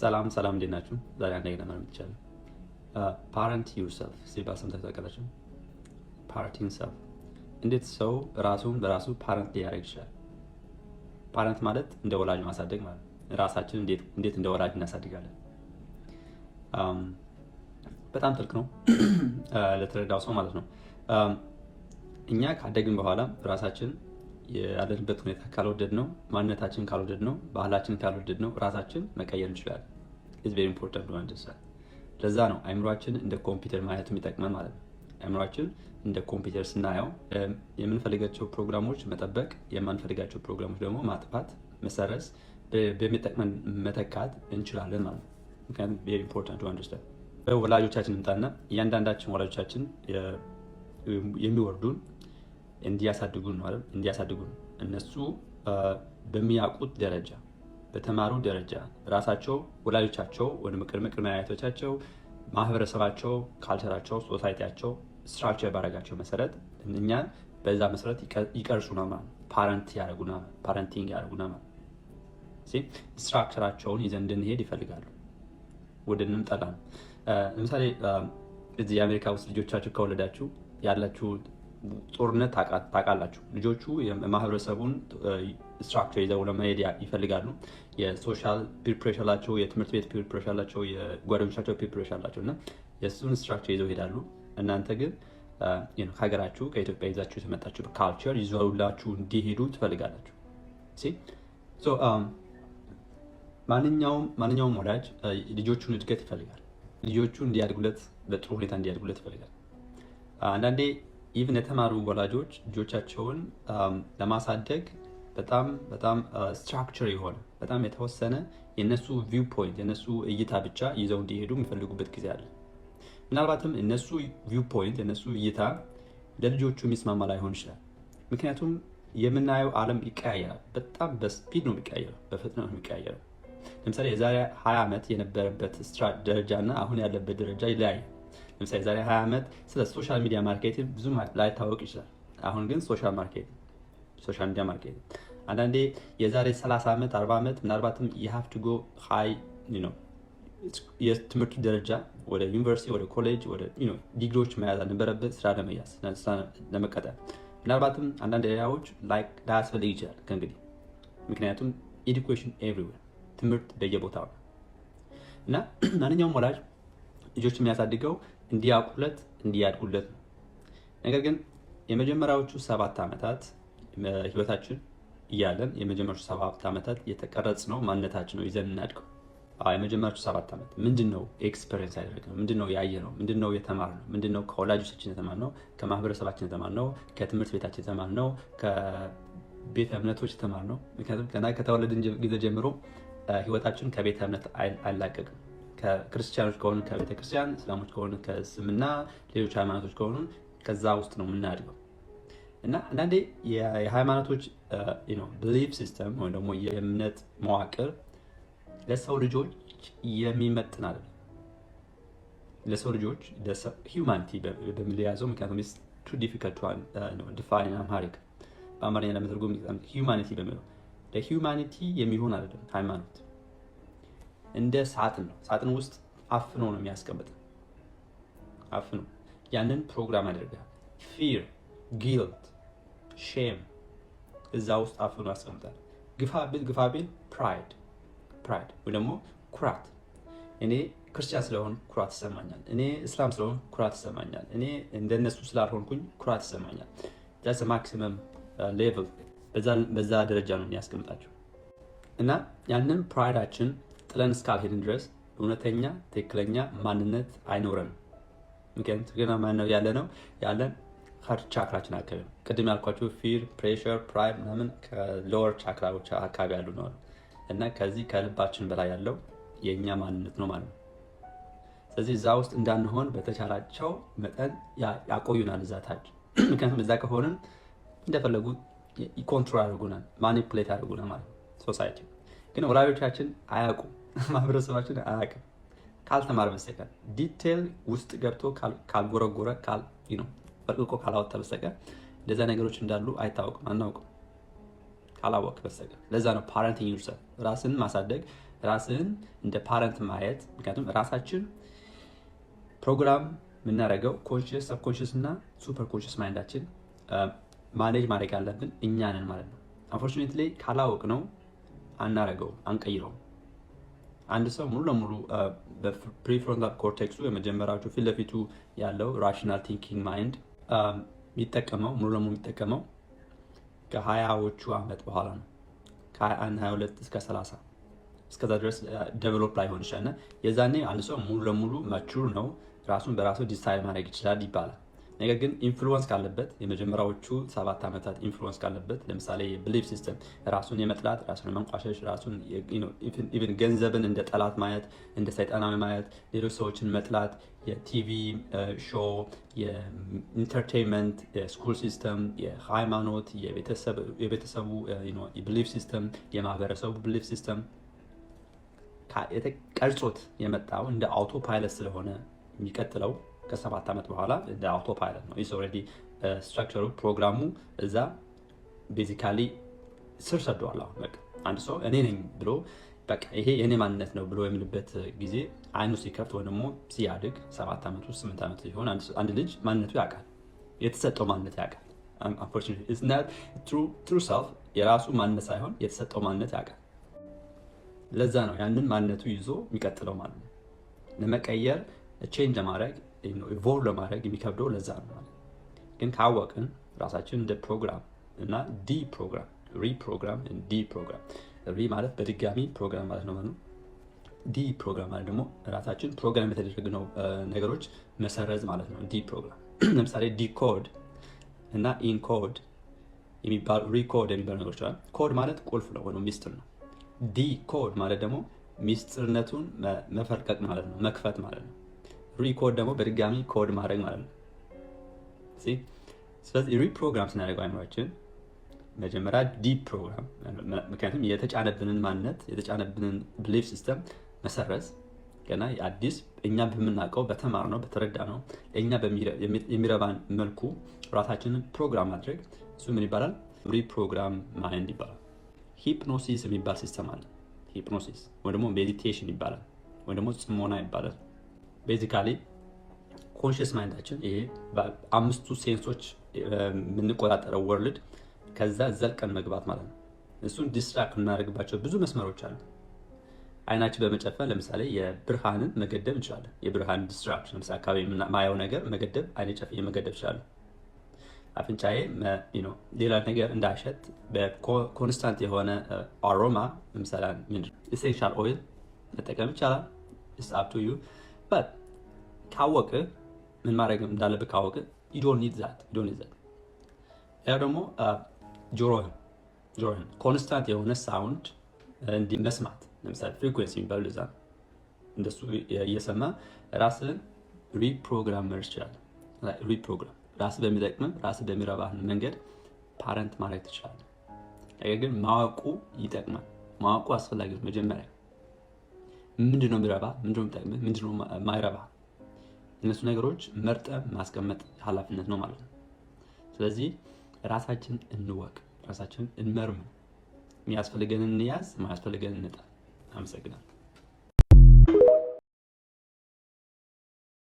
ሰላም ሰላም፣ እንዴት ናችሁ? ዛሬ አንድ ነገር ማለት ይቻላል። ፓረንት ዩርሰልፍ ሲባል ሰምታችሁ ታውቃላችሁ? ፓረንት ዩርሰልፍ፣ እንዴት ሰው ራሱን በራሱ ፓረንት ሊያደርግ ይችላል? ፓረንት ማለት እንደ ወላጅ ማሳደግ ማለት ራሳችን እንዴት እንደ ወላጅ እናሳድጋለን? በጣም ጥልቅ ነው ለተረዳው ሰው ማለት ነው። እኛ ካደግን በኋላ ራሳችን ያለንበት ሁኔታ ካልወደድ ነው፣ ማንነታችን ካልወደድ ነው፣ ባህላችን ካልወደድ ነው ራሳችን መቀየር እንችላለን። ኢዝ ቬሪ ኢምፖርታንት ለዛ ነው አይምሯችን እንደ ኮምፒውተር ማለት የሚጠቅመን ማለት ነው። አይምሯችን እንደ ኮምፒውተር ስናየው የምንፈልጋቸው ፕሮግራሞች መጠበቅ፣ የማንፈልጋቸው ፕሮግራሞች ደግሞ ማጥፋት፣ መሰረስ በሚጠቅመን መተካት እንችላለን ማለት ነው። ምክንያቱም ቬሪ ኢምፖርታንት ዋን ደሳል። በወላጆቻችን እያንዳንዳችን ወላጆቻችን የሚወርዱን እንዲያሳድጉ ነው አይደል? እንዲያሳድጉ እነሱ በሚያውቁት ደረጃ በተማሩ ደረጃ ራሳቸው ወላጆቻቸው ወደ ቅድመ ቅድመ አያቶቻቸው ማህበረሰባቸው፣ ካልቸራቸው፣ ሶሳይቲያቸው ስትራክቸር ባረጋቸው መሰረት እኛ በዛ መሰረት ይቀርጹና ማለት ፓረንት ያደርጉና ፓረንቲንግ ያደርጉና ማለት ስትራክቸራቸውን ይዘን እንድንሄድ ይፈልጋሉ። ወደንም ጠላ ለምሳሌ እዚህ የአሜሪካ ውስጥ ልጆቻችሁ ከወለዳችሁ ያላችሁ ጦርነት ታውቃላችሁ። ልጆቹ የማህበረሰቡን ስትራክቸር ይዘው ለመሄድ ይፈልጋሉ። የሶሻል ፒር ፕሬሽር አላቸው፣ የትምህርት ቤት ፒር ፕሬሽር አላቸው፣ የጓደኞቻቸው ፒር ፕሬሽር አላቸው እና የእሱን ስትራክቸር ይዘው ይሄዳሉ። እናንተ ግን ከሀገራችሁ ከኢትዮጵያ ይዛችሁ የተመጣችሁ ካልቸር ይዘውላችሁ እንዲሄዱ ትፈልጋላችሁ። ማንኛውም ወዳጅ ልጆቹን እድገት ይፈልጋል። ልጆቹ እንዲያድጉለት በጥሩ ሁኔታ እንዲያድጉለት ይፈልጋል። አንዳንዴ ኢቭን የተማሩ ወላጆች ልጆቻቸውን um, ለማሳደግ በጣም በጣም ስትራክቸር uh, የሆነ በጣም የተወሰነ የነሱ ቪው ፖይንት የነሱ እይታ ብቻ ይዘው እንዲሄዱ የሚፈልጉበት ጊዜ አለ። ምናልባትም እነሱ ቪው ፖይንት የነሱ እይታ ለልጆቹ የሚስማማ ላይሆን ይችላል። ምክንያቱም የምናየው አለም ይቀያየራል። በጣም በስፒድ ነው የሚቀያየረው፣ በፍጥነት ነው የሚቀያየረው። ለምሳሌ የዛሬ 20 ዓመት የነበረበት ደረጃ እና አሁን ያለበት ደረጃ ይለያያል። ለምሳሌ ዛሬ 20 ዓመት ስለ ሶሻል ሚዲያ ማርኬቲንግ ብዙ ላይታወቅ ይችላል። አሁን ግን ሶሻል ማርኬቲንግ ሶሻል ሚዲያ ማርኬቲንግ አንዳንዴ የዛሬ 30 ዓመት 40 ዓመት ምናልባትም የሃቭ ቱ ጎ ሃይ ነው የትምህርቱ ደረጃ ወደ ዩኒቨርሲቲ ወደ ኮሌጅ ወደ ዲግሪዎች መያዝ አልነበረበት ስራ ለመያዝ ስራ ለመቀጠል ምናልባትም አንዳንድ ሌላዎች ላያስፈልግ ይችላል ከእንግዲህ ምክንያቱም ኤዱኬሽን ኤቭሪዌር ትምህርት በየቦታው እና ማንኛውም ወላጅ ልጆች የሚያሳድገው እንዲያውቁለት እንዲያድጉለት ነው። ነገር ግን የመጀመሪያዎቹ ሰባት ዓመታት ህይወታችን እያለን የመጀመሪያዎቹ ሰባት ዓመታት የተቀረጽ ነው ማንነታችን ነው ይዘን እናድገው። የመጀመሪያዎቹ ሰባት ዓመት ምንድን ነው ኤክስፔሪንስ ያደረግነው? ምንድን ነው ያየነው? ምንድን ነው የተማርነው? ምንድን ነው ከወላጆቻችን የተማርነው? ከማህበረሰባችን የተማርነው? ከትምህርት ቤታችን የተማርነው? ከቤተ እምነቶች የተማርነው? ምክንያቱም ገና ከተወለድን ጊዜ ጀምሮ ህይወታችን ከቤተ እምነት አይላቀቅም። ከክርስቲያኖች ከሆኑ ከቤተ ክርስቲያን፣ እስላሞች ከሆኑ ከእስልምና፣ ሌሎች ሃይማኖቶች ከሆኑ ከዛ ውስጥ ነው የምናድገው እና አንዳንዴ የሃይማኖቶች ብሊፍ ሲስተም ወይም ደግሞ የእምነት መዋቅር ለሰው ልጆች የሚመጥን አለ ለሰው ልጆች ሂውማኒቲ በሚል የያዘው ምክንያቱም ቱ ዲፊካልት ዲፋይን አማሪክ በአማርኛ ለመተርጎም ሂውማኒቲ በሚለው ለሂውማኒቲ የሚሆን አይደለም ሃይማኖት እንደ ሳጥን ነው። ሳጥን ውስጥ አፍኖ ነው የሚያስቀምጥ። አፍኖ ያንን ፕሮግራም ያደርጋል። ፊር፣ ጊልት፣ ሼም እዛ ውስጥ አፍኖ ያስቀምጣል። ግፋ ቢል ግፋ ቢል ፕራይድ ፕራይድ ወይ ደግሞ ኩራት። እኔ ክርስቲያን ስለሆን ኩራት ይሰማኛል። እኔ እስላም ስለሆን ኩራት ይሰማኛል። እኔ እንደነሱ ስላልሆንኩኝ ኩራት ይሰማኛል። ዛስ ማክሲመም ሌቭል በዛ ደረጃ ነው የሚያስቀምጣቸው እና ያንን ፕራይዳችን ጥለን እስካልሄድን ድረስ እውነተኛ ትክክለኛ ማንነት አይኖረንም። ምክንያቱም ትክክለኛ ማንነት ያለ ነው ያለን ሀርድ ቻክራችን አካባቢ ነው። ቅድም ያልኳቸው ፊር፣ ፕሬሽር፣ ፕራይድ ምናምን ከሎወር ቻክራዎች አካባቢ ያሉ ነው እና ከዚህ ከልባችን በላይ ያለው የእኛ ማንነት ነው ማለት ነው። ስለዚህ እዛ ውስጥ እንዳንሆን በተቻላቸው መጠን ያቆዩናል እዛ ታች። ምክንያቱም እዛ ከሆንን እንደፈለጉ ኮንትሮል ያደርጉናል፣ ማኒፕሌት ያደርጉናል ማለት ነው። ሶሳይቲ ግን ወላጆቻችን አያውቁም። ማህበረሰባችን አያውቅም። ካልተማረ በስተቀር ዲቴል ውስጥ ገብቶ ካልጎረጎረ ነው በርቅቆ ካላወጣ በስተቀር እንደዛ ነገሮች እንዳሉ አይታወቅም፣ አናውቅም ካላወቅ በስተቀር። ለዛ ነው ፓረንት ዩርሰልፍ ራስን ማሳደግ፣ ራስን እንደ ፓረንት ማየት። ምክንያቱም ራሳችን ፕሮግራም የምናደርገው ኮንሽስ፣ ሰብኮንሽስ እና ሱፐር ኮንሽስ ማይንዳችን ማኔጅ ማድረግ ያለብን እኛንን ማለት ነው። አንፎርቹኔትሊ ካላወቅ ነው አናረገው፣ አንቀይረውም። አንድ ሰው ሙሉ ለሙሉ በፕሪፍሮንታል ኮርቴክሱ የመጀመሪያዎቹ ፊት ለፊቱ ያለው ራሽናል ቲንኪንግ ማይንድ የሚጠቀመው ሙሉ ለሙሉ የሚጠቀመው ከሀያዎቹ አመት በኋላ ነው። ከ21 22 እስከ 30 እስከዛ ድረስ ደቨሎፕ ሆን ይችላል እና የዛኔ አንድ ሰው ሙሉ ለሙሉ መቹር ነው፣ ራሱን በራሱ ዲሳይድ ማድረግ ይችላል ይባላል። ነገር ግን ኢንፍሉወንስ ካለበት የመጀመሪያዎቹ ሰባት ዓመታት ኢንፍሉወንስ ካለበት ለምሳሌ ብሊፍ ሲስተም ራሱን የመጥላት ራሱን መንቋሸሽ ራሱን ኢቨን ገንዘብን እንደ ጠላት ማየት እንደ ሰይጣናዊ ማየት ሌሎች ሰዎችን መጥላት የቲቪ ሾው የኢንተርቴንመንት የስኩል ሲስተም የሃይማኖት የቤተሰቡ ብሊፍ ሲስተም የማህበረሰቡ ብሊፍ ሲስተም ቀርጾት የመጣው እንደ አውቶ ፓይለት ስለሆነ የሚቀጥለው ከሰባት ዓመት በኋላ አውቶ ፓይለት ነው ኢስ ኦልሬዲ ስትራክቸሩ ፕሮግራሙ እዛ ቤዚካሊ ስር ሰደዋል። አሁን በቃ አንድ ሰው እኔ ነኝ ብሎ በቃ ይሄ የእኔ ማንነት ነው ብሎ የምልበት ጊዜ አይኑ ሲከፍት ወይ ደግሞ ሲያድግ ሰባት ዓመት ውስጥ ስምንት ዓመት ሲሆን አንድ ልጅ ማንነቱ ያውቃል፣ የተሰጠው ማንነት ያውቃል። ትሩ ሰልፍ የራሱ ማንነት ሳይሆን የተሰጠው ማንነት ያውቃል። ለዛ ነው ያንን ማንነቱ ይዞ የሚቀጥለው ማለት ነው ለመቀየር ቼንጅ ለማድረግ ኢቮልቭ ለማድረግ የሚከብደው ለዛ ነው። ግን ካወቅን ራሳችን እንደ ፕሮግራም እና ዲ ፕሮግራም ሪ ፕሮግራም ዲ ፕሮግራም ሪ ማለት በድጋሚ ፕሮግራም ማለት ነው። ዲ ፕሮግራም ማለት ደግሞ ራሳችን ፕሮግራም የተደረግነው ነገሮች መሰረዝ ማለት ነው። ዲ ፕሮግራም ለምሳሌ ዲ ኮድ እና ኢንኮድ የሚባል ሪኮድ የሚባሉ ነገሮች አሉ። ኮድ ማለት ቁልፍ ነው ወይም ሚስጥር ነው። ዲ ኮድ ማለት ደግሞ ሚስጥርነቱን መፈርቀቅ ማለት ነው፣ መክፈት ማለት ነው። ሪኮድ ደግሞ በድጋሚ ኮድ ማድረግ ማለት ነው። ስለዚህ ሪፕሮግራም ስናደርገው አይምሯችን መጀመሪያ ዲፕ ፕሮግራም፣ ምክንያቱም የተጫነብንን ማንነት የተጫነብንን ብሊፍ ሲስተም መሰረዝ ገና አዲስ እኛ በምናውቀው በተማር ነው በተረዳ ነው ለእኛ የሚረባን መልኩ ራሳችንን ፕሮግራም ማድረግ እሱ ምን ይባላል? ሪፕሮግራም ማይንድ ይባላል። ሂፕኖሲስ የሚባል ሲስተም አለ። ሂፕኖሲስ ወይ ደግሞ ሜዲቴሽን ይባላል ወይ ደግሞ ጽሞና ይባላል። ቤዚካሊ ኮንሽስ ማይንዳችን ይሄ በአምስቱ ሴንሶች የምንቆጣጠረው ወርልድ ከዛ ዘልቀን መግባት ማለት ነው። እሱን ዲስትራክት የምናደርግባቸው ብዙ መስመሮች አሉ። አይናችን በመጨፈን ለምሳሌ የብርሃንን መገደብ እንችላለን። የብርሃን ዲስትራክሽን ለምሳሌ አካባቢ ማየው ነገር መገደብ፣ አይኔ ጨፍ መገደብ እችላለሁ። አፍንጫዬ ሌላ ነገር እንዳሸት በኮንስታንት የሆነ አሮማ uh, ለምሳሌ ኢሴንሻል ኦይል መጠቀም ይቻላል። ስ አፕ ዩ በት ካወቅ ምን ማድረግ እንዳለብ ካወቅ ዶን ዛት ያ ደግሞ uh, ጆሮህን ጆሮህን ኮንስታንት የሆነ ሳውንድ uh, እንዲ መስማት ለምሳሌ ፍሪኩንሲ የሚባሉ ዛ እንደሱ እየሰማ ራስን ሪፕሮግራም መር ይችላል። ሪፕሮግራም ራስ በሚጠቅምም ራስ በሚረባህን መንገድ ፓረንት ማድረግ ትችላለህ። ነገር ግን ማወቁ ይጠቅማል። ማወቁ አስፈላጊ መጀመሪያ ምንድነው የሚረባ፣ ምንድነው የሚጠቅም፣ ምንድነው ማይረባ፣ እነሱ ነገሮች መርጠ ማስቀመጥ ሀላፊነት ነው ማለት ነው። ስለዚህ ራሳችን እንወቅ፣ ራሳችን እንመርም የሚያስፈልገንን እንያዝ፣ ማያስፈልገን እንጣል። አመሰግናለሁ።